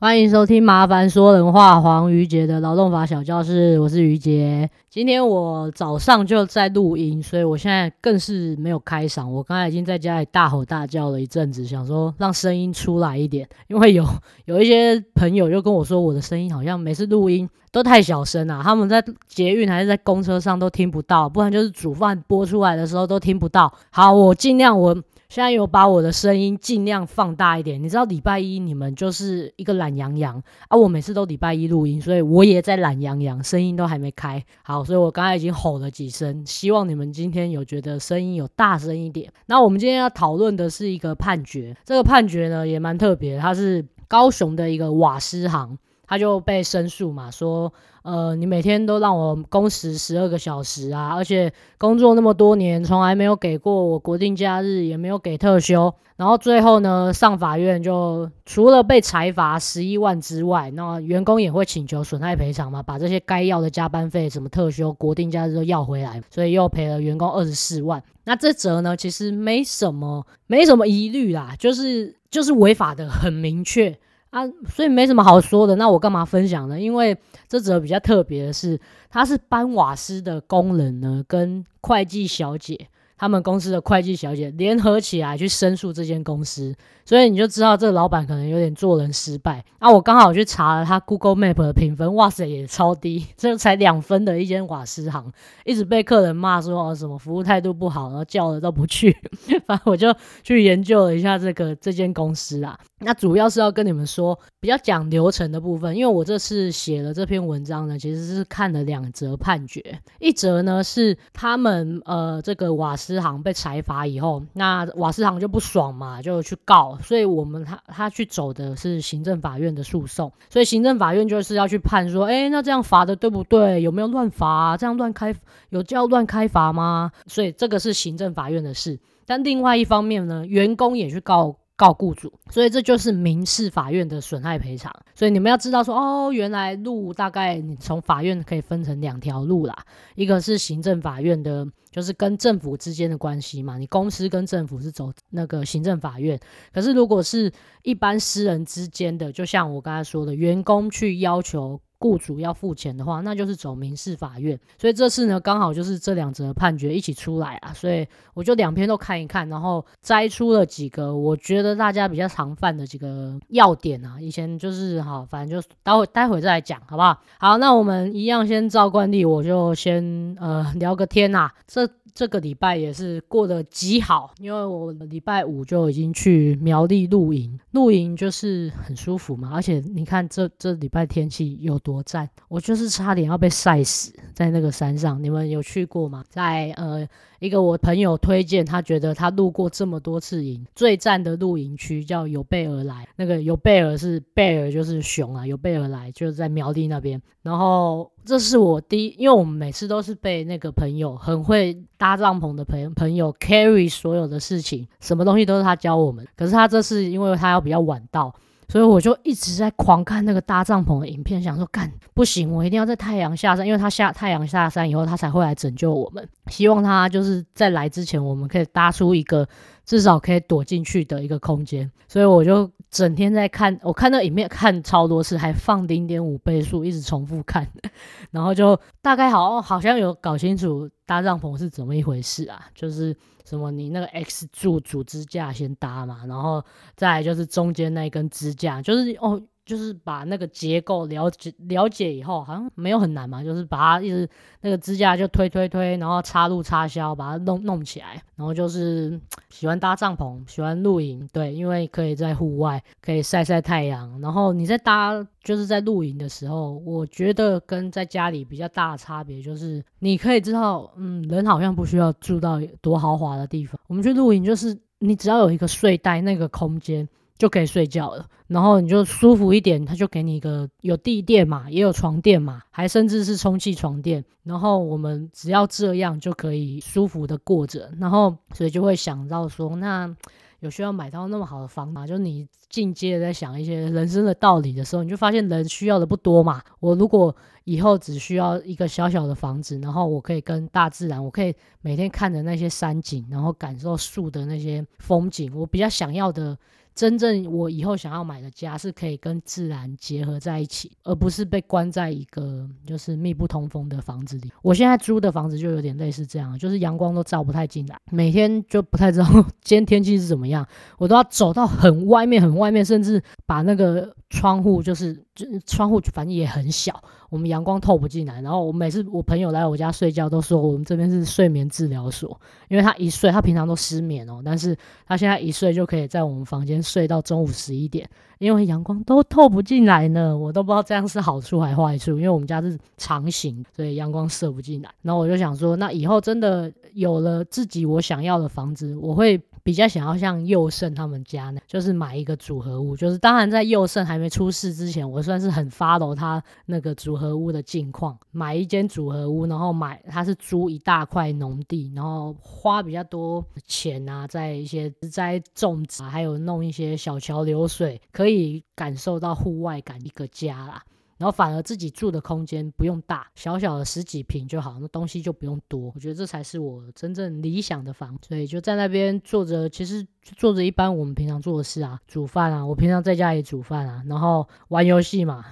歡迎收聽《麻煩說人話》，黃瑜杰的勞動法小教室。我是瑜杰。今天我早上就在錄音，所以我現在更是沒有開嗓。我剛才已經在家裡大吼大叫了一陣子，想說讓聲音出來一點，因為有有一些朋友就跟我說，我的聲音好像每次錄音都太小聲了啊，他們在捷運還是在公車上都聽不到，不然就是煮飯播出來的時候都聽不到。好，我盡量我。現在有把我的聲音盡量放大一點，你知道禮拜一你們就是一個懶羊羊啊，我每次都禮拜一錄音，所以我也在懶羊羊，聲音都還沒開好，所以我剛才已經吼了幾聲，希望你們今天有覺得聲音有大聲一點。那我們今天要討論的是一個判決，這個判決呢也蠻特別，它是高雄的一個瓦斯行。他就被申訴嘛，說，呃，你每天都讓我工時十二個小時啊，而且工作那麼多年，從來沒有給過我國定假日，也沒有給特休，然後最後呢，上法院就除了被裁罰十一萬之外，那員工也會請求損害賠償嘛，把這些該要的加班費、什麼特休、國定假日都要回來，所以又賠了員工二十四萬。那這則呢，其實沒什麼，沒什麼疑慮啦，就是就是違法的，很明確。啊，所以沒什麼好說的。那我幹嘛分享呢？因為這則比較特別的是，他是搬瓦斯的工人呢，跟會計小姐，他們公司的會計小姐聯合起來去申訴這間公司，所以你就知道這老板可能有點做人失敗。那，啊，我剛好去查了他 Google Map 的評分，哇塞也超低，這才兩分的一間瓦斯行，一直被客人罵說、哦、什麼服務態度不好，然後叫了都不去。反正我就去研究了一下這個這間公司啦，那主要是要跟你們說比較講流程的部分，因為我這次寫了這篇文章呢，其實是看了兩則判決，一則呢是他們呃這個瓦斯支行被裁罰以後，那瓦斯行就不爽嘛，就去告。所以我們他他去走的是行政法院的訴訟，所以行政法院就是要去判說，哎，那這樣罰的對不對？有沒有亂罰啊？這樣亂開，有叫亂開罰嗎？所以這個是行政法院的事。但另外一方面呢，員工也去告。告雇主，所以這就是民事法院的損害賠償。所以你們要知道說，哦，原來路大概你從法院可以分成兩條路啦。一個是行政法院的，就是跟政府之間的關係嘛，你公司跟政府是走那個行政法院。可是如果是一般私人之間的，就像我剛才說的，員工去要求。雇主要付錢的話，那就是走民事法院。所以這次呢，剛好就是這兩則的判決一起出來啊，所以我就兩篇都看一看，然後摘出了幾個我覺得大家比較常犯的幾個要點啊。以前就是哈，反正就待會待會再來講，好不好？好，那我們一樣先照慣例，我就先呃聊個天啊。這這個禮拜也是過得極好，因為我禮拜五就已經去苗栗露營，露營就是很舒服嘛，而且你看這這禮拜天氣有多贊，我就是差點要被曬死在那個山上。你們有去過嗎？在呃一個我朋友推薦，他覺得他露過這麼多次營，最贊的露營區叫有備而來，那個有備而來是貝爾就是熊啊，有備而來就是在苗栗那邊，然後。這是我第一，因為我們每次都是被那個朋友很會搭帳篷的朋友朋友 carry 所有的事情，什麼東西都是他教我們。可是他這次因為他要比較晚到，所以我就一直在狂看那個搭帳篷的影片，想說幹不行，我一定要在太陽下山，因為他下太陽下山以後他才會來拯救我們。希望他就是在來之前，我們可以搭出一個。至少可以躲進去的一個空間，所以我就整天在看，我看那影片，看超多次，還放零點五倍速一直重複看，然後就大概好、哦、好像有搞清楚搭帳篷是怎麼一回事啊，就是什麼你那個 X 柱主支架先搭嘛，然後再來就是中間那根支架，就是哦。就是把那個結構了解了解以後，好像沒有很難嘛。就是把它一直那個支架就推推推，然後插入插銷，把它弄弄起來。然後就是喜歡搭帳篷，喜歡露營。對，因為可以在戶外可以曬晒太陽。然後你在搭就是在露營的時候，我覺得跟在家裡比較大的差別就是，你可以知道，嗯，人好像不需要住到多豪華的地方。我們去露營就是你只要有一個睡袋那個空間。就可以睡覺了，然後你就舒服一點，他就給你一個有地墊嘛，也有床墊嘛，還甚至是充氣床墊。然後我們只要這樣就可以舒服的過着，然後所以就會想到說，那有需要買到那麼好的房嗎？就你進階的，在想一些人生的道理的時候，你就發現人需要的不多嘛。我如果以後只需要一個小小的房子，然後我可以跟大自然，我可以每天看着那些山景，然後感受樹的那些風景，我比較想要的。真正我以後想要買的家是可以跟自然結合在一起，而不是被關在一個就是密不通風的房子裡。我現在租的房子就有點類似這樣，就是陽光都照不太進來，每天就不太知道今天天氣是怎麼樣，我都要走到很外面、很外面，甚至把那個。窗戶就是，就是、窗戶反正也很小，我們陽光透不進來。然後我每次我朋友來我家睡覺，都說我們這邊是睡眠治療所，因為他一睡，他平常都失眠哦、喔。但是他現在一睡就可以在我們房間睡到中午十一點，因為陽光都透不進來呢。我都不知道這樣是好處還是壞處，因為我們家是長形，所以陽光射不進來。然後我就想說，那以後真的有了自己我想要的房子，我會。比較想要像宥勝他們家，就是買一個組合屋。就是當然在宥勝還沒出事之前，我算是很 follow 他那個組合屋的近況。買一間組合屋，然後買，他是租一大塊農地，然後花比較多錢啊，在一些植栽種植啊，還有弄一些小橋流水，可以感受到戶外感一個家啦。然後反而自己住的空間不用大，小小的十幾平就好，那東西就不用多。我覺得這才是我真正理想的房，所以就在那邊坐着。其實坐着一般我們平常做的事啊，煮飯啊，我平常在家也煮飯啊，然後玩遊戲嘛，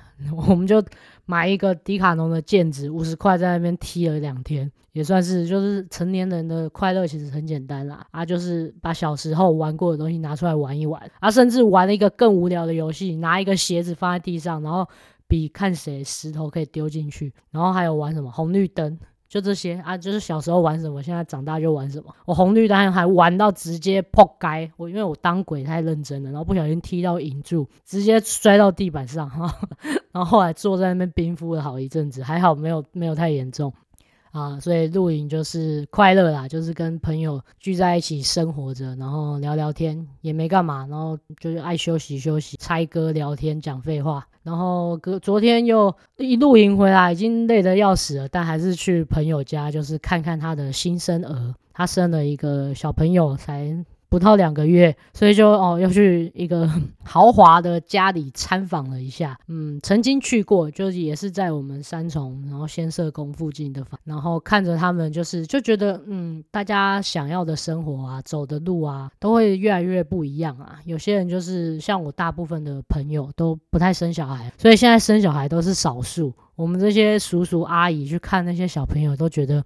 我們就買一個迪卡儂的毽子，五十塊在那邊踢了兩天，也算是就是成年人的快樂，其實很簡單啦。啊，就是把小時候玩過的東西拿出來玩一玩，啊，甚至玩了一個更無聊的遊戲，拿一個鞋子放在地上，然後。比看誰石頭可以丟進去，然後還有玩什麼紅綠燈，就這些啊。就是小時候玩什麼，現在長大就玩什麼。我紅綠燈還玩到直接撲街，我因為我當鬼太認真了，然後不小心踢到銀柱，直接摔到地板上，呵呵，然後後來坐在那邊冰敷了好一陣子，還好沒有沒有太嚴重。啊，所以露營就是快樂啦，就是跟朋友聚在一起生活着，然後聊聊天，也沒幹嘛，然後就是愛休息休息，猜歌、聊天、講廢話，然後哥昨天又一露營回來，已經累得要死了，但還是去朋友家，就是看看他的新生兒，他生了一個小朋友才。不到兩個月，所以就哦又去一個豪華的家裡參訪了一下，嗯，曾經去過，就也是在我們三重然後先嗇宮附近的房，然後看着他們就是就覺得嗯，大家想要的生活啊，走的路啊，都會越來越不一樣啊。有些人就是像我大部分的朋友都不太生小孩，所以現在生小孩都是少數。我們這些叔叔阿姨去看那些小朋友，都覺得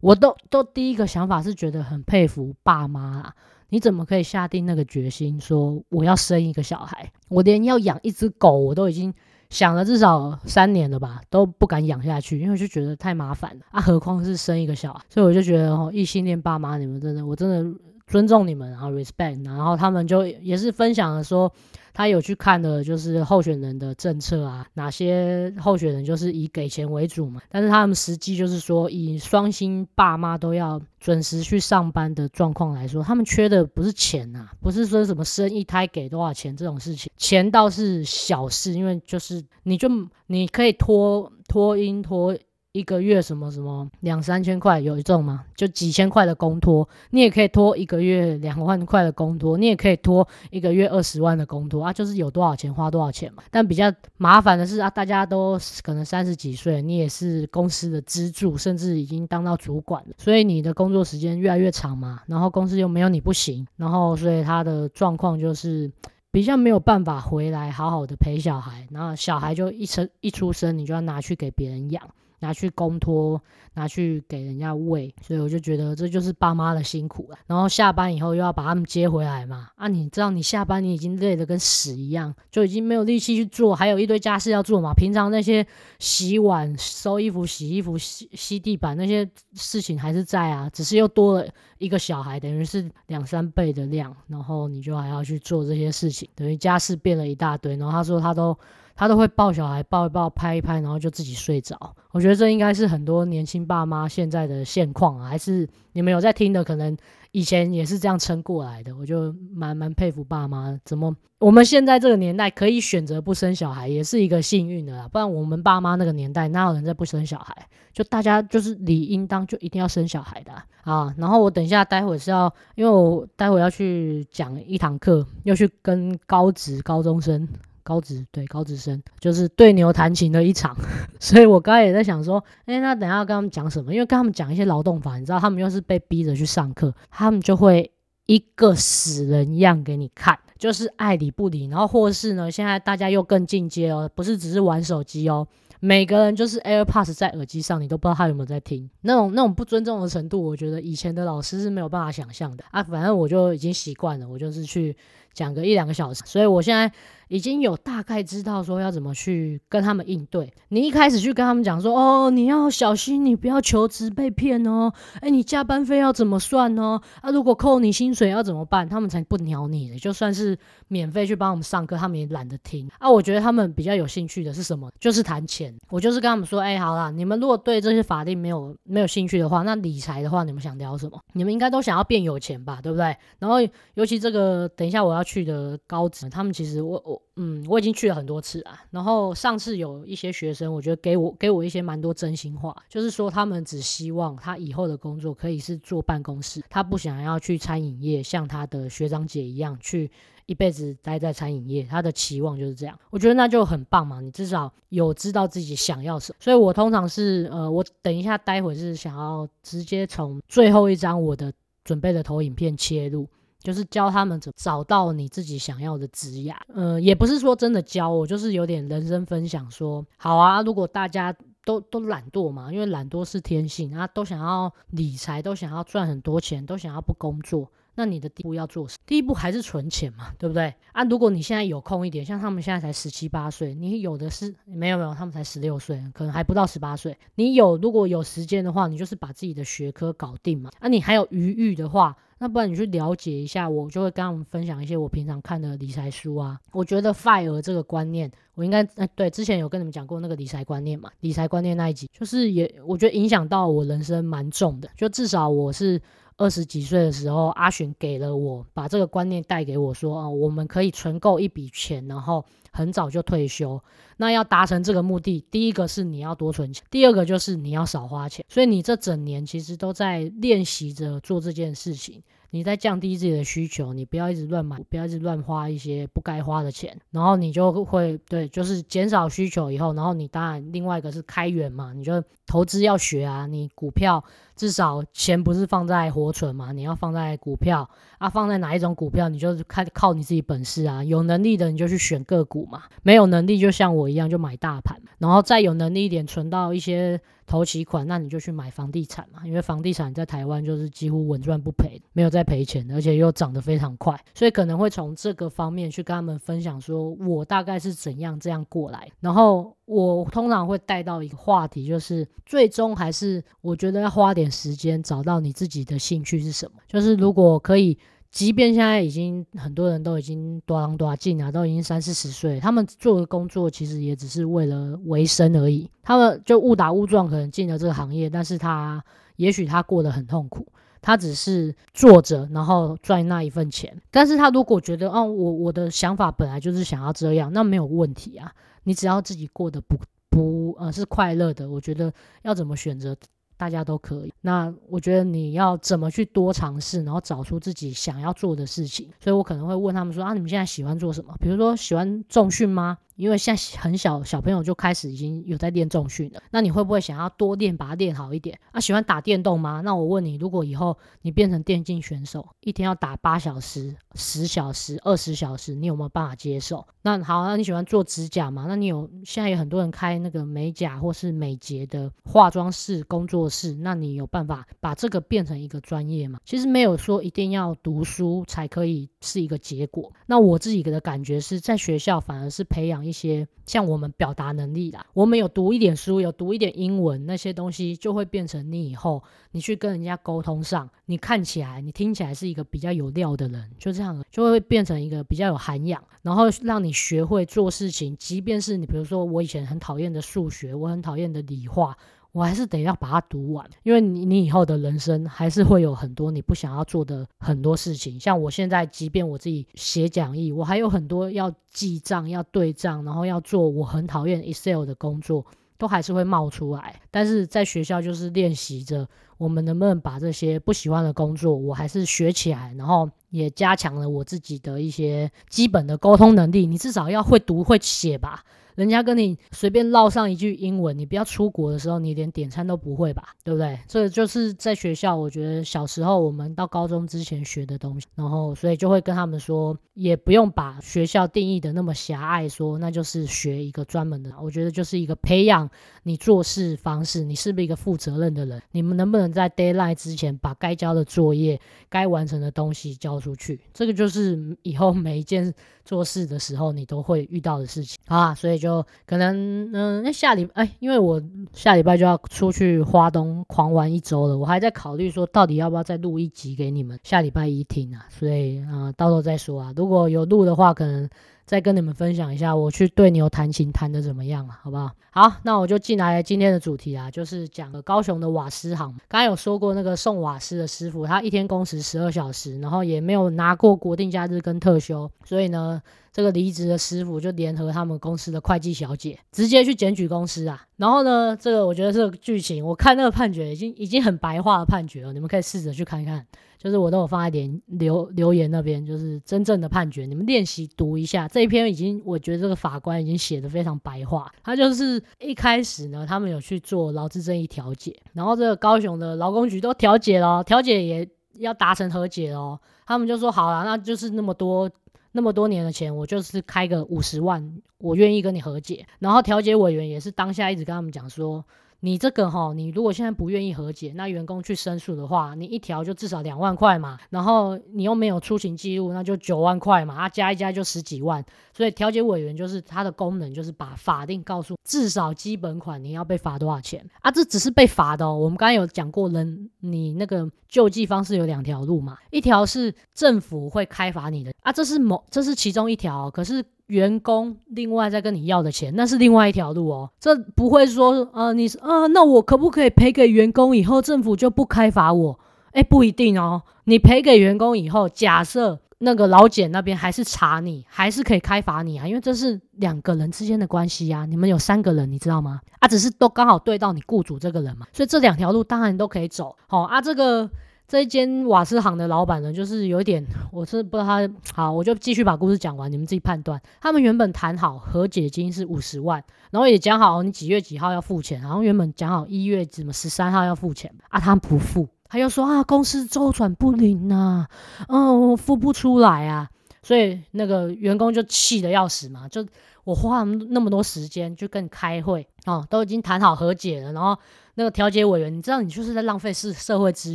我都都第一個想法是覺得很佩服爸媽啊。你怎麼可以下定那個決心說，我要生一個小孩？我連要養一隻狗我都已經想了至少三年了吧，都不敢養下去，因為我就覺得太麻煩了啊，何況是生一個小孩。所以我就覺得，哦，異性戀爸媽你們真的，我真的尊重你們，然後 respect，然後他們就也是分享了說，他有去看的，就是候選人的政策啊，哪些候選人就是以給錢為主嘛？但是他們實際就是說，以雙薪爸媽都要準時去上班的狀況來說，他們缺的不是錢吶、啊，不是說什麼生一胎給多少錢這種事情，錢倒是小事，因為就是你就你可以拖拖音拖。一個月什麼什麼兩三千塊有一種嘛，就幾千塊的公托你也可以托一個月兩萬塊的公托，你也可以托一個月二十萬的公托啊！就是有多少錢花多少錢嘛。但比較麻煩的是啊，大家都可能三十幾歲，你也是公司的支柱，甚至已經當到主管了，所以你的工作時間越來越長嘛。然後公司又沒有你不行，然後所以他的狀況就是比較沒有辦法回來好好的陪小孩，然後小孩就一生一出生你就要拿去給別人養。拿去公托，拿去給人家餵，所以我就覺得這就是爸媽的辛苦了。然後下班以後又要把他們接回來嘛，啊，你知道你下班你已經累得跟死一樣，就已經沒有力氣去做，還有一堆家事要做嘛。平常那些洗碗、收衣服、洗衣服、洗、洗地板那些事情還是在啊，只是又多了一個小孩，等於是兩三倍的量，然後你就還要去做這些事情，等於家事變了一大堆。然後他說他都。他都會抱小孩，抱一抱，拍一拍，然後就自己睡着。我覺得這應該是很多年輕爸媽現在的現況啊，還是你們有在聽的，可能以前也是這樣撐過來的。我就蠻蠻佩服爸媽，怎麼我們現在這個年代可以選擇不生小孩，也是一個幸運的啦。不然我們爸媽那個年代，哪有人在不生小孩？就大家就是理應當就一定要生小孩的啊，啊。然後我等一下，待會兒是要因為我待會要去講一堂課，要去跟高職高中生。高職，對，高職生就是對牛彈琴的一場， 所以我剛才也在想說，誒，那等一下要跟他們講什麼？因為跟他們講一些勞動法，你知道他們又是被逼着去上課，他們就會一個死人一樣給你看，就是愛理不理。然後或者是呢，現在大家又更進階哦，不是只是玩手機哦，每個人就是 AirPods 在耳機上，你都不知道他有沒有在聽，那種那種不尊重的程度，我覺得以前的老師是沒有辦法想象的啊。反正我就已經習慣了，我就是去。講個一兩個小時，所以我現在已經有大概知道說要怎麼去跟他們應對。你一開始去跟他們講說，哦，你要小心，你不要求職被騙哦。哎，你加班費要怎麼算哦？啊，如果扣你薪水要怎麼辦？他們才不鳥你的。就算是免費去幫我們上課，他們也懶得聽啊。我覺得他們比較有興趣的是什麼？就是談錢。我就是跟他們說，哎，好啦，你們如果對這些法令沒有沒有興趣的話，那理財的話，你們想聊什麼？你們應該都想要變有錢吧，對不對？然後，尤其這個，等一下我要。去的高職，他們其實我我嗯我已經去了很多次了。然後上次有一些學生，我覺得給我給我一些蠻多真心話，就是說他們只希望他以後的工作可以是坐辦公室，他不想要去餐飲業，像他的學長姐一樣去一輩子待在餐飲業。他的期望就是這樣，我覺得那就很棒嘛，你至少有知道自己想要什麼。所以我通常是呃，我等一下待會是想要直接從最後一張我的準備的投影片切入。就是教他們怎找到你自己想要的職業，呃，也不是說真的教，我就是有點人生分享說，說好啊，如果大家都都懶惰嘛，因為懶惰是天性啊，都想要理財，都想要賺很多錢，都想要不工作。那你的第一步要做什麼？第一步還是存錢嘛，對不對？啊，如果你現在有空一點，像他們現在才十七八歲，你有的是沒有沒有，他們才十六歲，可能還不到十八歲。你有如果有時間的話，你就是把自己的學科搞定嘛。啊，你還有餘裕的話，那不然你去了解一下，我就會跟他們分享一些我平常看的理財書啊。我覺得 FIRE 這個觀念，我應該、哎、對，之前有跟你們講過那個理財觀念嘛，理財觀念那一集，就是也我覺得影響到我人生蠻重的，就至少我是。二十幾歲的時候，阿尋給了我把這個觀念帶給我說：“啊、哦，我們可以存夠一筆錢，然後很早就退休。那要達成這個目的，第一個是你要多存錢，第二個就是你要少花錢。所以你這整年其實都在練習着做這件事情，你在降低自己的需求，你不要一直亂買，不要一直亂花一些不該花的錢，然後你就會對，就是減少需求以後，然後你當然另外一個是開源嘛，你就投資要學啊，你股票。”至少錢不是放在活存嘛，你要放在股票啊。放在哪一種股票？你就看靠你自己本事啊。有能力的你就去選個股嘛，沒有能力就像我一樣就買大盤，然後再有能力一點存到一些頭期款，那你就去買房地產嘛。因為房地產在台灣就是幾乎穩賺不賠，沒有再賠錢，而且又漲得非常快，所以可能會從這個方面去跟他們分享說，說我大概是怎樣這樣過來，然後。我通常會帶到一個話題，就是最終還是我覺得要花點時間找到你自己的興趣是什麼。就是如果可以，即便現在已經很多人都已經大人大種啊，都已經三四十歲，他們做的工作其實也只是為了維生而已。他們就誤打誤撞可能進了這個行業，但是他也許他過得很痛苦，他只是坐着然後賺那一份錢。但是他如果覺得，哦，我我的想法本來就是想要這樣，那沒有問題啊。你只要自己過得不不呃是快樂的，我覺得要怎麼選擇，大家都可以。那我覺得你要怎麼去多嘗試，然後找出自己想要做的事情。所以我可能會問他們說啊，你們現在喜歡做什麼？比如說喜歡重訓嗎？因為現在很小小朋友就開始已經有在練重訓了，那你會不會想要多練，把它練好一點？啊，喜歡打電動嗎？那我問你，如果以後你變成電競選手，一天要打八小時、十小時、二十小時，你有沒有辦法接受？那好，那你喜歡做指甲嗎？那你有現在有很多人開那個美甲或是美睫的化妝室工作室，那你有辦法把這個變成一個專業嗎？其實沒有說一定要讀書才可以是一個結果。那我自己給的感覺是在學校反而是培養。一些像我們表達能力啦，我們有讀一點書，有讀一點英文那些東西，就會變成你以後你去跟人家溝通上，你看起來你聽起來是一個比較有料的人，就這樣，就會變成一個比較有涵養，然後讓你學會做事情，即便是你比如說我以前很討厭的數學，我很討厭的理化。我還是得要把它讀完，因為你你以後的人生還是會有很多你不想要做的很多事情。像我現在，即便我自己寫講義，我還有很多要記賬、要對賬，然後要做我很討厭 Excel 的工作，都還是會冒出來。但是在學校就是練習着，我們能不能把這些不喜歡的工作，我還是學起來，然後也加強了我自己的一些基本的溝通能力。你至少要會讀、會寫吧。人家跟你隨便嘮上一句英文，你不要出國的時候你連點餐都不會吧？對不對？所以就是在學校，我覺得小時候我們到高中之前學的東西，然後所以就會跟他們說，也不用把學校定義的那麼狹隘說，說那就是學一個專門的。我覺得就是一個培養你做事方式，你是不是一個負責任的人？你們能不能在 deadline 之前把該交的作業、該完成的東西交出去？這個就是以後每一件做事的時候你都會遇到的事情啊，所以。就可能嗯，那下禮拜哎，因為我下禮拜就要出去花東狂玩一周了，我還在考慮說到底要不要再錄一集給你們下禮拜一聽啊，所以啊、呃，到時候再說啊。如果有錄的話，可能再跟你們分享一下，我去對牛彈琴彈得怎麼樣啊，好不好？好，那我就進來今天的主題啊，就是講高雄的瓦斯行。剛剛有說過那個送瓦斯的師傅，他一天工時十二小時，然後也沒有拿過國定假日跟特休，所以呢。這個離職的師傅就聯合他們公司的會計小姐，直接去檢舉公司啊。然後呢，這個我覺得這個劇情，我看那個判決已經已經很白話的判決了。你們可以試着去看一看，就是我都有放在連留留言那邊，就是真正的判決，你們練習讀一下。這一篇已經，我覺得這個法官已經寫得非常白話。他就是一開始呢，他們有去做勞資爭議調解，然後這個高雄的勞工局都調解了哦，調解也要達成和解了哦。他們就說好了，那就是那麼多。那麼多年的錢，我就是開個五十萬，我願意跟你和解。然後調解委員也是當下一直跟他們講說，你這個齁、哦，你如果現在不願意和解，那員工去申訴的話，你一條就至少兩萬塊嘛，然後你又沒有出勤記錄，那就九萬塊嘛，啊，加一加就十幾萬。所以，調解委員就是它的功能，就是把法定告訴至少基本款你要被罰多少錢啊？這只是被罰的哦。我們剛才有講過人，人你那個救濟方式有兩條路嘛，一條是政府會開罰你的啊，這是某這是其中一條哦，可是員工另外再跟你要的錢，那是另外一條路哦。這不會說呃你啊，呃，那我可不可以賠給員工以後政府就不開罰我？誒不一定哦。你賠給員工以後，假設。那個勞檢那邊還是查你，還是可以開罰你啊，因為這是兩個人之間的關係呀、啊。你們有三個人，你知道嗎？啊，只是都剛好對到你雇主這個人嘛，所以這兩條路當然都可以走。好、哦、啊，這個這一間瓦斯行的老闆呢，就是有一點，我是不知道他。好，我就繼續把故事講完，你們自己判斷。他們原本談好和解金是五十萬，然後也講好你幾月幾號要付錢，然後原本講好一月什麼十三號要付錢，啊，他們不付。他又說啊，公司周轉不靈吶、啊，哦，我付不出來啊，所以那個員工就氣得要死嘛，就我花了那麼多時間就跟你開會啊、哦，都已經談好和解了，然後。那個調解委員，你知道你就是在浪費社社會資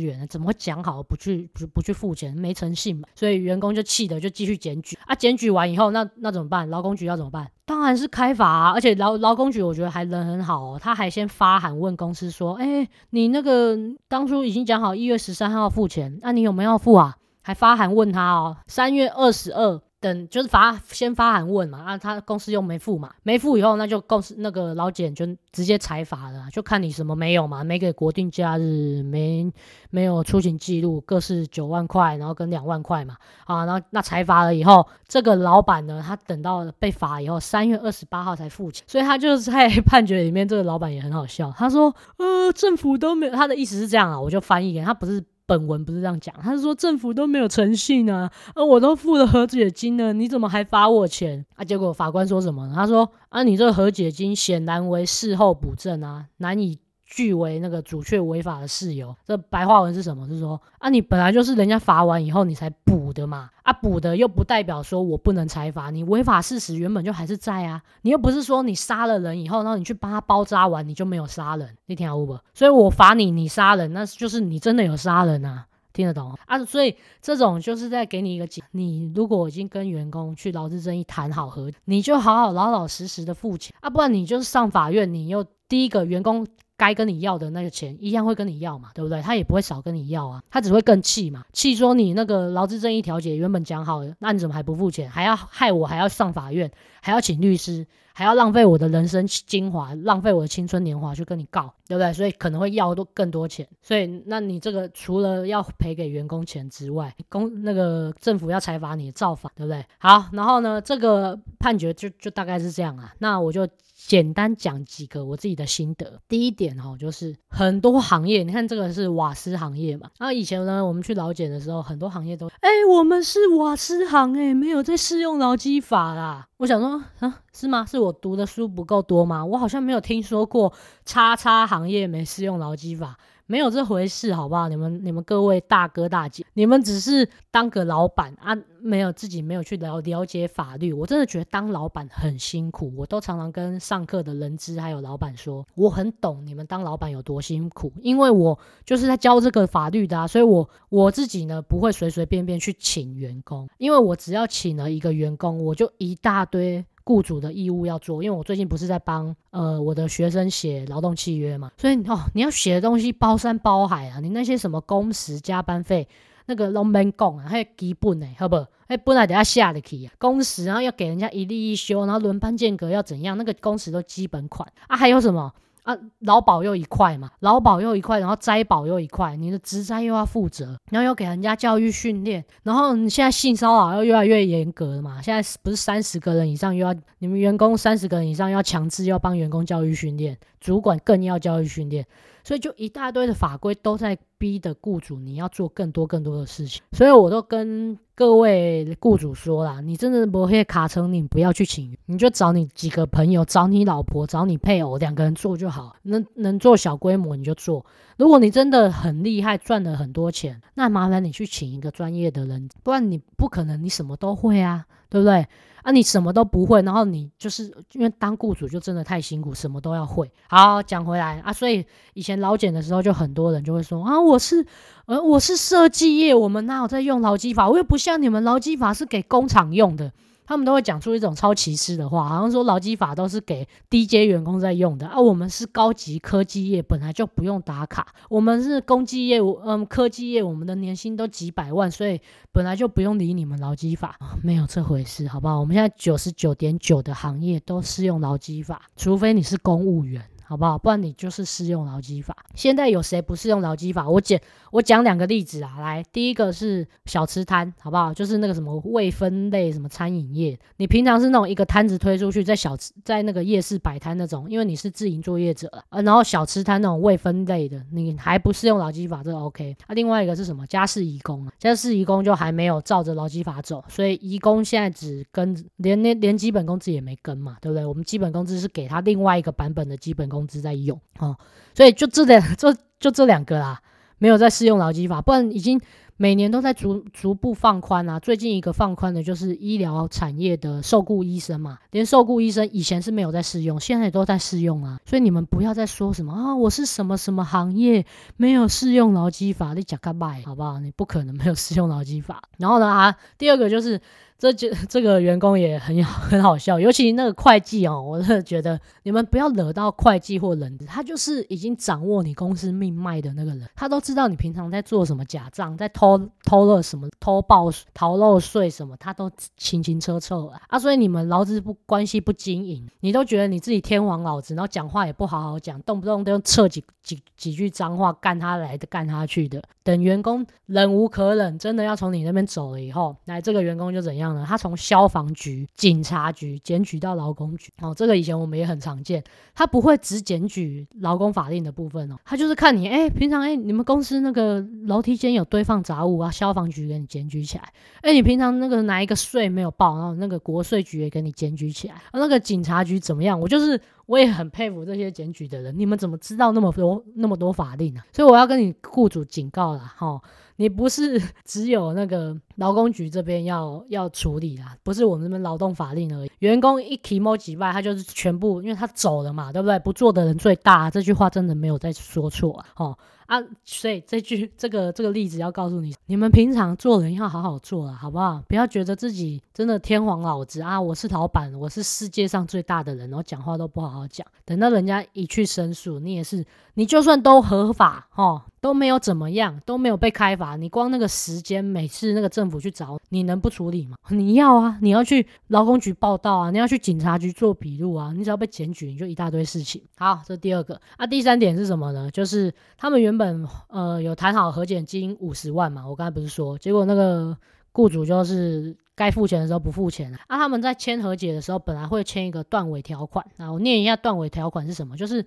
源，怎麼會講好不去不，不去付錢，沒誠信嘛？所以員工就氣得就繼續檢舉啊！檢舉完以後，那那怎麼辦？勞工局要怎麼辦？當然是開罰啊！而且勞勞工局我覺得還人很好哦，他還先發函問公司說：“哎，你那個當初已經講好一月十三號付錢，啊，那你有沒有要付啊？”還發函問他哦，三月二十二。等就是罰，先發函問嘛，啊，他公司又沒付嘛，沒付以後，那就公司那個勞檢就直接裁罰了，就看你什麼沒有嘛，沒給國定假日，沒沒有出勤記錄，各是九萬塊，然後跟兩萬塊嘛，啊，然後那裁罰了以後，這個老板呢，他等到被罰以後，三月二十八號才付錢，所以他就是在判決裡面，這個老板也很好笑，他說，呃，政府都沒有，他的意思是這樣啊，我就翻譯給他，他不是。本文不是這樣講，他是說政府都沒有誠信啊，啊我都付了和解金了，你怎麼還罰我錢啊？結果法官說什麼呢？他說啊，你這個和解金顯然為事後補正啊，難以。具為那個阻卻違法的事由，這白話文是什麼？就是說啊，你本來就是人家罰完以後你才補的嘛，啊補的又不代表說我不能裁罰你違法事實原本就還是在啊，你又不是說你殺了人以後，然後你去幫他包紮完你就沒有殺人，你聽好不？所以我罰你，你殺人，那就是你真的有殺人啊，聽得懂啊？所以這種就是在給你一個解。你如果已經跟員工去勞資爭議談好和解，你就好好老老實實的付錢啊，不然你就是上法院，你又第一個員工。該跟你要的那個錢，一樣會跟你要嘛，對不對？他也不會少跟你要啊，他只會更氣嘛，氣說你那個勞資爭議調解原本講好的，那你怎麼還不付錢？還要害我，還要上法院，還要請律師。還要浪費我的人生精華，浪費我的青春年華去跟你告，對不對？所以可能會要多更多錢，所以那你這個除了要賠給員工錢之外，公那個政府要采罰你的造法，對不對？好，然後呢，這個判決就就大概是這樣啊。那我就簡單講幾個我自己的心得。第一點哈、哦，就是很多行業，你看這個是瓦斯行業嘛。然、啊、後以前呢，我們去勞檢的時候，很多行業都哎，我們是瓦斯行哎、欸，沒有在適用勞基法啦。我想說啊。是嗎？是我讀的書不夠多嗎？我好像沒有聽說過叉叉行業沒適用勞基法，沒有這回事，好不好？你們、你們各位大哥大姐，你們只是當個老闆啊，沒有自己沒有去了了解法律。我真的覺得當老闆很辛苦，我都常常跟上課的人資還有老闆說，我很懂你們當老闆有多辛苦，因為我就是在教這個法律的啊，所以我我自己呢不會隨隨便便去請員工，因為我只要請了一個員工，我就一大堆。雇主的義務要做，因為我最近不是在幫呃我的學生寫勞動契約嘛，所以哦你要寫的東西包山包海啊，你那些什麼工時、加班費、那個勞動工啊，還、那、有、個、基本的，好不好？哎、那個，本來就要下的去啊，工時，然後要給人家一例一休，然後輪班間隔要怎樣，那個工時都基本款啊，還有什麼？啊，勞保又一塊嘛，勞保又一塊，然後災保又一塊，你的職災又要負責，然後又給人家教育訓練，然後你現在性騷擾又越來越嚴格了嘛，現在不是三十個人以上又要你們員工三十個人以上要強制要幫員工教育訓練，主管更要教育訓練。所以就一大堆的法規都在逼的僱主，你要做更多更多的事情。所以我都跟各位僱主說啦，你真的不會卡成你不要去請，你就找你幾個朋友，找你老婆，找你配偶兩個人做就好。能能做小規模你就做。如果你真的很厲害，賺了很多錢，那麻煩你去請一個專業的人，不然你不可能你什麼都會啊。對不對？啊，你什麼都不會，然後你就是因為當僱主就真的太辛苦，什麼都要會。好，講回來啊，所以以前勞檢的時候，就很多人就會說啊，我是，呃，我是設計業，我們哪有在用勞基法，我又不像你們，勞基法是給工廠用的。他們都會講出一種超歧視的話，好像說勞基法都是給低階員工在用的啊，我們是高級科技業，本來就不用打卡，我們是公技業，嗯、呃，科技業，我們的年薪都幾百萬，所以本來就不用理你們勞基法。啊，沒有這回事，好不好？我們現在九十九點九的行業都適用勞基法，除非你是公務員。好不好？不然你就是適用勞基法。現在有誰不適用勞基法？我講我講兩個例子啊，來，第一個是小吃攤，好不好？就是那個什麼未分類什麼餐飲業，你平常是那種一個攤子推出去，在小吃，在那個夜市擺攤那種，因為你是自營作業者啊，然後小吃攤那種未分類的，你還不適用勞基法，這個、OK 啊？另外一個是什麼？家事移工啊，家事移工就還沒有照着勞基法走，所以移工現在只跟連連連基本工資也沒跟嘛，對不對？我們基本工資是給他另外一個版本的基本工資。工資在用啊、哦，所以就這兩這就，就這兩個啦，沒有在適用勞基法，不然已經每年都在逐逐步放寬啦、啊。最近一個放寬的就是醫療產業的受雇醫生嘛，連受雇醫生以前是沒有在適用，現在都在適用啊。所以你們不要再說什麼啊、哦，我是什麼什麼行業沒有適用勞基法，你講個拜好不好？你不可能沒有適用勞基法。然後呢啊，第二個就是。這就這個員工也很很好笑，尤其那個會計哦，我真的覺得你們不要惹到會計或人資，他就是已經掌握你公司命脈的那個人，他都知道你平常在做什麼假賬，在偷偷樂什麼偷報逃漏稅什麼，他都清清楚楚啊。所以你們勞資不關係不經營，你都覺得你自己天王老子，然後講話也不好好講，動不動都扯幾幾幾句髒話幹他來的，幹他去的。等員工忍無可忍，真的要從你那邊走了以後，來這個員工就怎樣。他從消防局、警察局檢舉到勞工局，哦，這個以前我們也很常見。他不會只檢舉勞工法令的部分哦，他就是看你，哎，平常哎，你們公司那個樓梯間有堆放雜物啊，消防局給你檢舉起來。哎，你平常那個哪一個稅沒有報，然後那個國稅局也給你檢舉起來。啊，那個警察局怎麼樣？我就是。我也很佩服這些檢舉的人，你們怎麼知道那麼多那麼多法令啊？所以我要跟你雇主警告啦，哈、哦，你不是只有那個勞工局這邊要要處理啦，不是我們這邊勞動法令而已。員工一提摩幾拜，他就是全部，因為他走了嘛，對不對？不做的人最大，這句話真的沒有再說錯、啊，哦。啊，所以這句這個這個例子要告訴你，你們平常做人要好好做了啊，好不好？不要覺得自己真的天皇老子啊，我是老闆，我是世界上最大的人，然後講話都不好好講，等到人家一去申訴，你也是，你就算都合法哦。都沒有怎麼樣，都沒有被開罰。你光那個時間，每次那個政府去找你，能不處理嗎？你要啊，你要去勞工局報到啊，你要去警察局做筆錄啊。你只要被檢舉，你就一大堆事情。好，這第二個。啊，第三點是什麼呢？就是他們原本呃有談好和解金五十萬嘛，我剛才不是說，結果那個雇主就是。該付錢的時候不付錢啊！啊，他們在簽和解的時候，本來會簽一個斷尾條款啊。我念一下斷尾條款是什麼？就是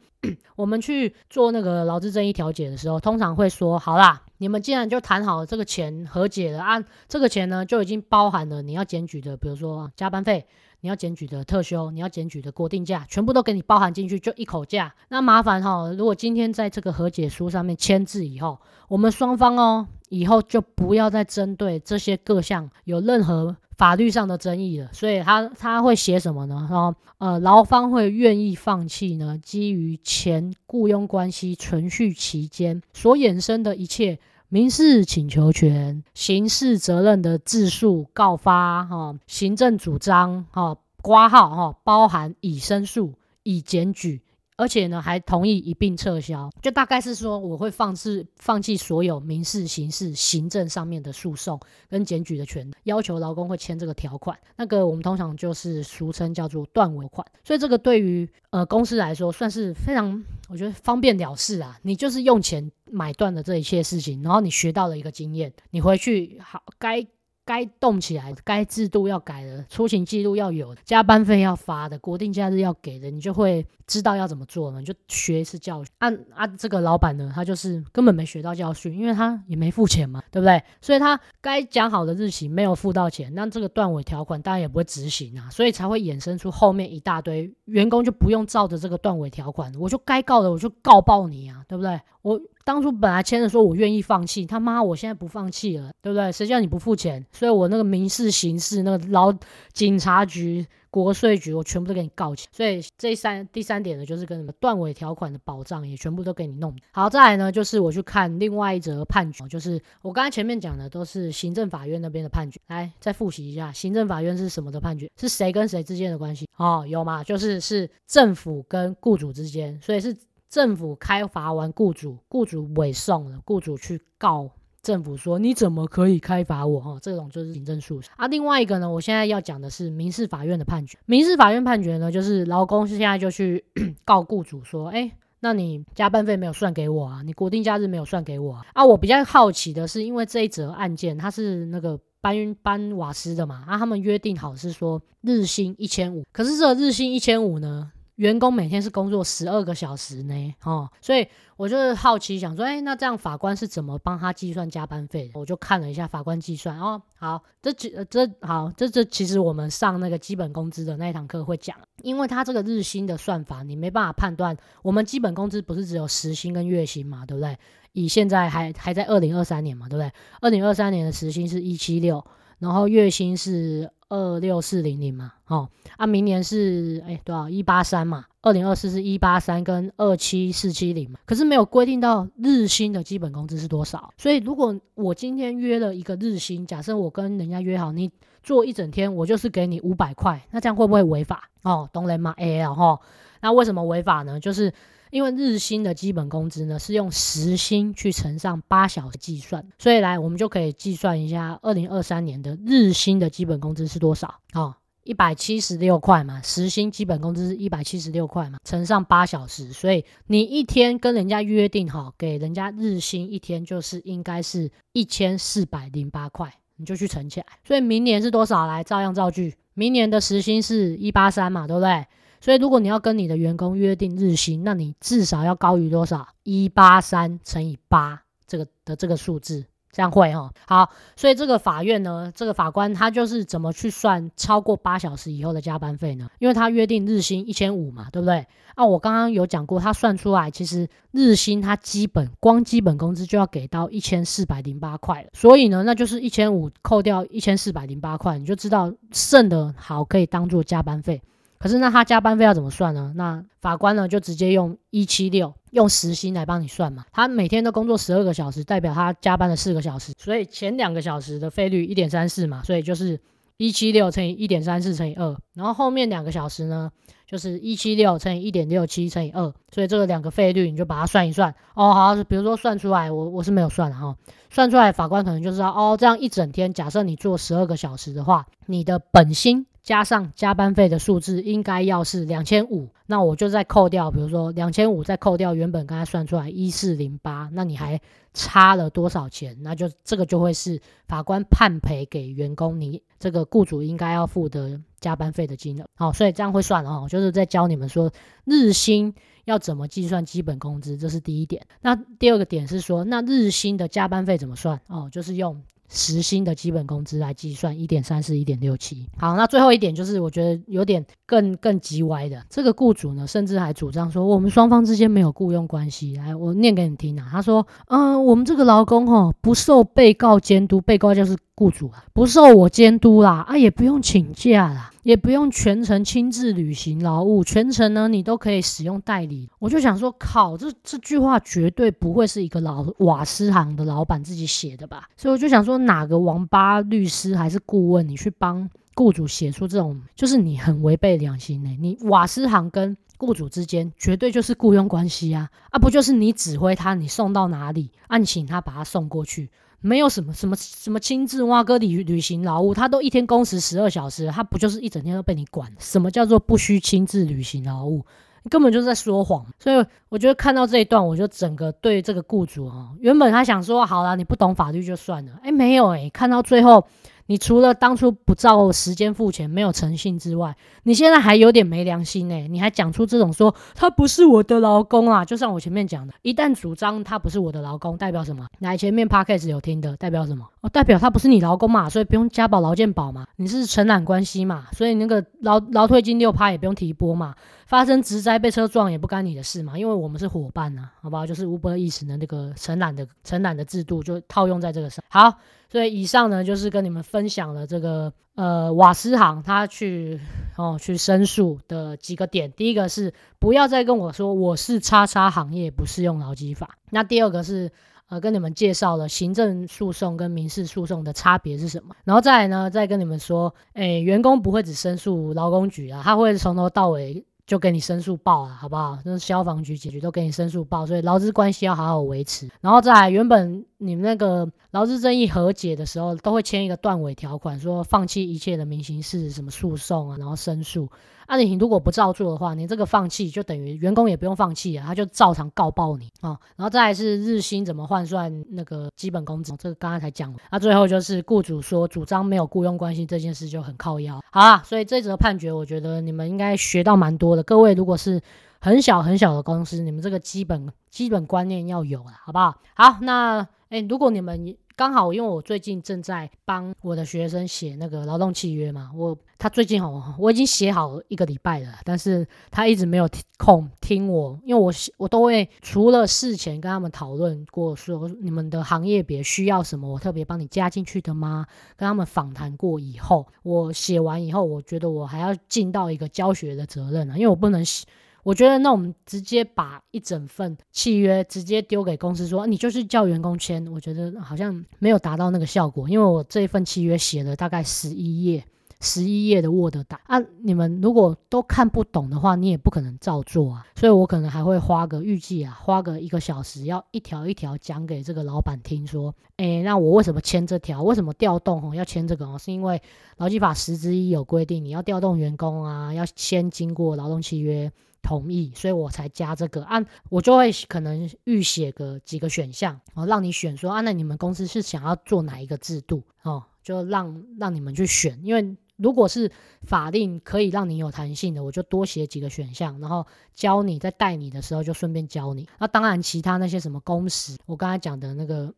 我們去做那個勞資爭議調解的時候，通常會說：好啦，你們既然就談好這個錢和解了啊，這個錢呢就已經包含了你要檢舉的，比如說、啊、加班費、你要檢舉的特休、你要檢舉的國定假，全部都給你包含進去，就一口價。那麻煩哈、哦，如果今天在這個和解書上面簽字以後，我們雙方哦以後就不要再針對這些各項有任何。法律上的爭議了，所以他他會寫什麼呢？然後，呃，勞方會願意放棄呢？基於前僱傭關係存續期間所衍生的一切民事請求權、刑事責任的自訴、告發、哈、哦、行政主張、哈、哦、括號、哈、哦，包含以申訴、以檢舉。而且呢，還同意一併撤銷，就大概是說，我會放棄放棄所有民事、刑事、行政上面的訴訟跟檢舉的權利，要求勞工會簽這個條款。那個我們通常就是俗稱叫做斷尾款，所以這個對於呃公司來說算是非常我覺得方便了事啊。你就是用錢買斷了這一切事情，然後你學到了一個經驗，你回去好該，該動起來，該制度要改的，出勤紀錄要有的，加班費要發的，國定假日要給的，你就會知道要怎麼做呢？你就學一次教訓。啊啊，這個老板呢，他就是根本沒學到教訓，因為他也沒付錢嘛，對不對？所以他該講好的日期沒有付到錢，那這個斷尾條款當然也不會執行啊，所以才會衍生出後面一大堆員工就不用照着這個斷尾條款，我就該告的我就告爆你啊，對不對？我。當初本來簽的說，我願意放棄，他媽，我現在不放棄了，對不對？誰叫你不付錢？所以，我那個民事、刑事，那個勞警察局、國稅局，我全部都給你告起。所以，這三第三點呢，就是跟什麼斷尾條款的保障也全部都給你弄好。再來呢，就是我去看另外一則判決，就是我剛才前面講的都是行政法院那邊的判決。來，再複習一下，行政法院是什麼的判決？是誰跟誰之間的關係？哦，有嗎？就是是政府跟雇主之間，所以是。政府開罰完雇主，雇主委送了，雇主去告政府說，你怎麼可以開罰我？哈、哦，這種就是行政訴訟。啊，另外一個呢，我現在要講的是民事法院的判決。民事法院判決呢，就是勞工是現在就去咳咳告雇主說，哎，那你加班費沒有算給我啊，你國定假日沒有算給我啊。啊，我比較好奇的是，因為這一則案件他是那個搬運搬瓦斯的嘛，啊，他們約定好是說日薪一千五，可是這個日薪一千五呢？員工每天是工作十二個小時呢，哦，所以我就是好奇想說，誒，哎，那這樣法官是怎麼幫他計算加班費的？我就看了一下法官計算，哦，好，這這這好，這這其實我們上那個基本工資的那一堂課會講，因為他這個日薪的算法你沒辦法判斷。我們基本工資不是只有時薪跟月薪嘛，對不對？以現在還還在二零二三年嘛，對不對？二零二三年的時薪是一七六，然後月薪是。二六四零零嘛，好、哦、啊，明年是哎多少一八三嘛，二零二四是一八三跟二七四七零嘛，可是沒有規定到日薪的基本工資是多少，所以如果我今天約了一個日薪，假設我跟人家約好，你做一整天，我就是給你五百塊，那這樣會不會違法？哦，懂、欸、了嗎？A L 哈，那為什麼違法呢？就是。因為日薪的基本工資呢，是用時薪去乘上八小時計算，所以來，我們就可以計算一下二零二三年的日薪的基本工資是多少啊，一百七十六塊嘛，時薪基本工資是一百七十六塊嘛，乘上八小時，所以你一天跟人家約定好，給人家日薪一天就是應該是一千四百零八塊，你就去乘起來。所以明年是多少？來，照樣造句，明年的時薪是一八三嘛，對不對？所以，如果你要跟你的員工約定日薪，那你至少要高於多少？一八三乘以八這個的這個數字，這樣會哦。好，所以這個法院呢，這個法官他就是怎麼去算超過八小時以後的加班費呢？因為他約定日薪一千五嘛，對不對？啊，我剛剛有講過，他算出來其實日薪他基本光基本工資就要給到一千四百零八塊了，所以呢，那就是一千五扣掉一千四百零八塊，你就知道剩的好可以當做加班費。可是那他加班費要怎麼算呢？那法官呢，就直接用一七六，用時薪來幫你算嘛。他每天都工作十二個小時，代表他加班了四個小時，所以前兩個小時的費率一點三四嘛，所以就是一七六乘以一點三四乘以二，然後後面兩個小時呢，就是一七六乘以一點六七乘以二，所以這個兩個費率你就把它算一算哦。好像是比如說算出來，我我是沒有算的哈、啊，哦，算出來法官可能就知道哦，這樣一整天假設你做十二個小時的話，你的本薪，加上加班費的數字應該要是兩千五，那我就再扣掉，比如說兩千五，再扣掉原本剛才算出來一四零八，那你還差了多少錢？那就這個就會是法官判賠給員工，你這個雇主應該要付的加班費的金額。好、哦，所以這樣會算了、哦、哈，我就是在教你們說日薪要怎麼計算基本工資，這是第一點。那第二個點是說，那日薪的加班費怎麼算？哦，就是用。時薪的基本工資來計算，一點三四一點六七。好，那最後一點就是我覺得有點更更急歪的，這個雇主呢，甚至還主張說，我們雙方之間沒有僱傭關係。來，我念給你聽啊，他說，嗯、呃，我們這個勞工哈、哦、不受被告監督，被告就是雇主啊，不受我監督啦，啊，也不用請假啦。也不用全程親自履行勞務，全程呢你都可以使用代理。我就想說，靠，這這句話絕對不會是一個老瓦斯行的老闆自己寫的吧？所以我就想說，哪個王八律師還是顧問你，你去幫雇主寫出這種，就是你很違背良心的、欸。你瓦斯行跟雇主之間絕對就是雇傭關係啊，啊不就是你指揮他，你送到哪裡，按、啊、請他把他送過去。沒有什麼什麼什麼親自挖個旅履行勞務，他都一天工時十二小時，他不就是一整天都被你管？什麼叫做不需親自履行勞務？你根本就在說謊。所以我覺得看到這一段，我就整個對這個雇主啊、哦，原本他想說好了，你不懂法律就算了。哎，沒有哎，看到最後。你除了當初不照時間付錢，沒有誠信之外，你現在還有點沒良心呢、欸。你還講出這種說他不是我的勞工啊？就像我前面講的，一旦主張他不是我的勞工，代表什麼？來前面 Podcast 有聽的，代表什麼？哦，代表他不是你勞工嘛，所以不用加保勞健保嘛。你是承攬關係嘛，所以那個勞勞退金六趴也不用提撥嘛。發生職災被車撞也不干你的事嘛，因為我們是夥伴啊，好不好？就是 Uber 意思的那個承攬的承攬的制度就套用在這個上。好。所以以上呢，就是跟你們分享了這個呃，瓦斯行他去哦去申訴的幾個點。第一個是不要再跟我說我是叉叉行業不適用勞基法。那第二個是呃跟你們介紹了行政訴訟跟民事訴訟的差別是什麼。然後再來呢，再跟你們說，哎，員工不會只申訴勞工局啊，他會從頭到尾。就給你申訴報啊，好不好？就是消防局解決都給你申訴報，所以勞資關係要好好維持。然後在原本你們那個勞資爭議和解的時候，都會簽一個斷尾條款，說放棄一切的民刑事什麼訴訟啊，然後申訴。那、啊、你如果不照做的話，你這個放棄就等於員工也不用放棄了，他就照常告爆你啊、哦。然後再來是日薪怎麼換算那個基本工資，這個剛剛才講了。那、啊、最後就是雇主說主張沒有雇傭關係這件事就很靠腰。好啊，所以這則判決我覺得你們應該學到蠻多的。各位如果是很小很小的公司，你們這個基本基本觀念要有了，好不好？好，那誒，如果你們。剛好，因為我最近正在幫我的學生寫那個勞動契約嘛，我他最近好，我已經寫好一個禮拜了，但是他一直沒有聽空聽我，因為我我都會除了事前跟他們討論過說你們的行業別需要什麼，我特別幫你加進去的嗎？跟他們訪談過以後，我寫完以後，我覺得我還要盡到一個教學的責任呢、啊，因為我不能寫。我覺得，那我們直接把一整份契約直接丟給公司說，說、啊、你就是叫員工簽。我覺得好像沒有達到那個效果，因為我這一份契約寫了大概十一頁，十一頁的 Word 檔、啊、你們如果都看不懂的話，你也不可能照做啊。所以我可能還會花個預計啊，花個一個小時，要一條一條講給這個老板聽，說，哎，那我為什麼簽這條？為什麼調動哦要簽這個哦？是因為勞基法十之一有規定，你要調動員工啊，要先經過勞動契約，同意，所以我才加這個。按、啊、我就會可能預寫個幾個選項，哦，讓你選說。說啊，那你們公司是想要做哪一個制度？哦，就讓讓你們去選。因為如果是法令可以讓你有彈性的，我就多寫幾個選項，然後教你在帶你的時候就順便教你。那、啊、當然，其他那些什麼工時，我剛才講的那個。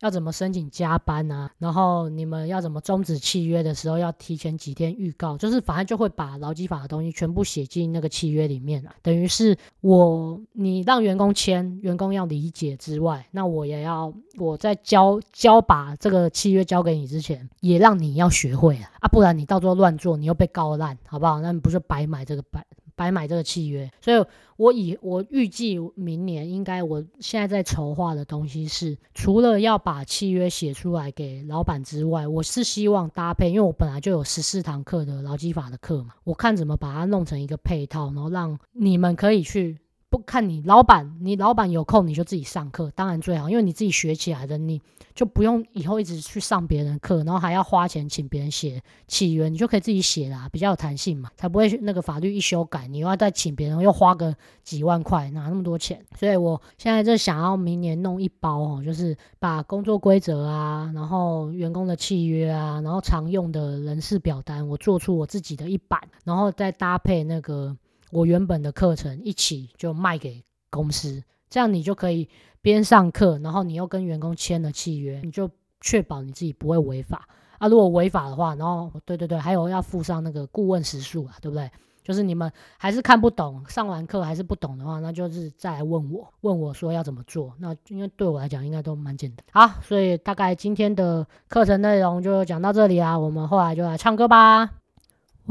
要怎麼申請加班啊？然後你們要怎麼終止契約的時候，要提前幾天預告，就是反正就會把勞基法的東西全部寫進那個契約裡面，啊，等於是我你讓員工簽，員工要理解之外，那我也要我在交交把這個契約交給你之前，也讓你要學會啊，啊不然你到時候亂做，你又被告爛，好不好？那你不是白買這個班？白買這個契約，所以我以我預計明年應該，我現在在籌劃的東西是，除了要把契約寫出來給老闆之外，我是希望搭配，因為我本來就有十四堂課的勞基法的課嘛，我看怎麼把它弄成一個配套，然後讓你們可以去。不看你老板，你老板有空你就自己上課，當然最好，因為你自己學起來的，你就不用以後一直去上別人的課，然後還要花錢請別人寫契約，起源你就可以自己寫了，比較有彈性嘛，才不會那個法律一修改，你又要再請別人又花個幾萬塊，哪那麼多錢？所以我現在就想要明年弄一包哦，就是把工作規則啊，然後員工的契約啊，然後常用的人事表單，我做出我自己的一版，然後再搭配那個。我原本的課程一起就賣給公司，這樣你就可以邊上課，然後你又跟員工簽了契約，你就確保你自己不會違法啊。如果違法的話，然後對對對，還有要附上那個顧問時數啊，對不對？就是你們還是看不懂，上完課還是不懂的話，那就是再來問我，問我說要怎麼做。那因為對我來講，應該都蠻簡單。好，所以大概今天的課程內容就講到這裡啊，我們後來就來唱歌吧。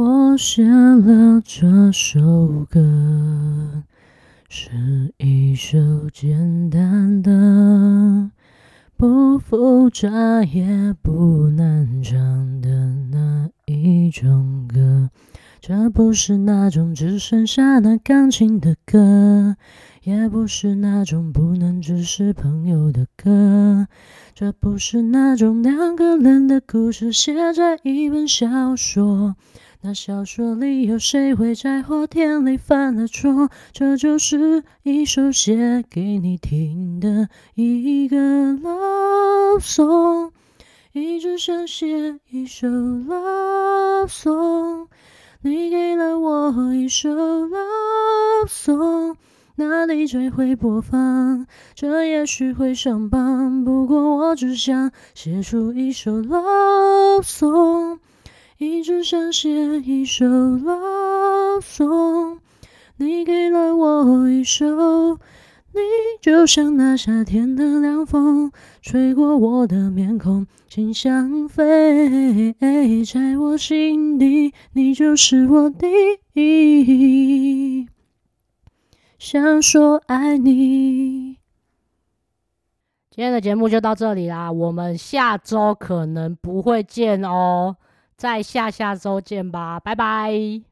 我寫了這首歌，是一首簡單的、不複雜也不難唱的那一種歌。這不是那種只剩下那鋼琴的歌，也不是那種不能只是朋友的歌。這不是那種兩個人的故事寫在一本小說。那小說裡有誰會在花田裡犯了錯？這就是一首寫給你聽的一個 love song，一直想寫一首 love song，你給了我一首 love song，那 DJ 會播放？這也許會上榜，不過我只想寫出一首 love song。一直想寫一首 Love Song，你給了我一首，你就像那夏天的涼風，吹過我的面孔，心想飛，在我心底，你就是我第一，想說愛你。今天的節目就到這裡啦，我們下周可能不會見哦、喔。再下下週見吧，拜拜。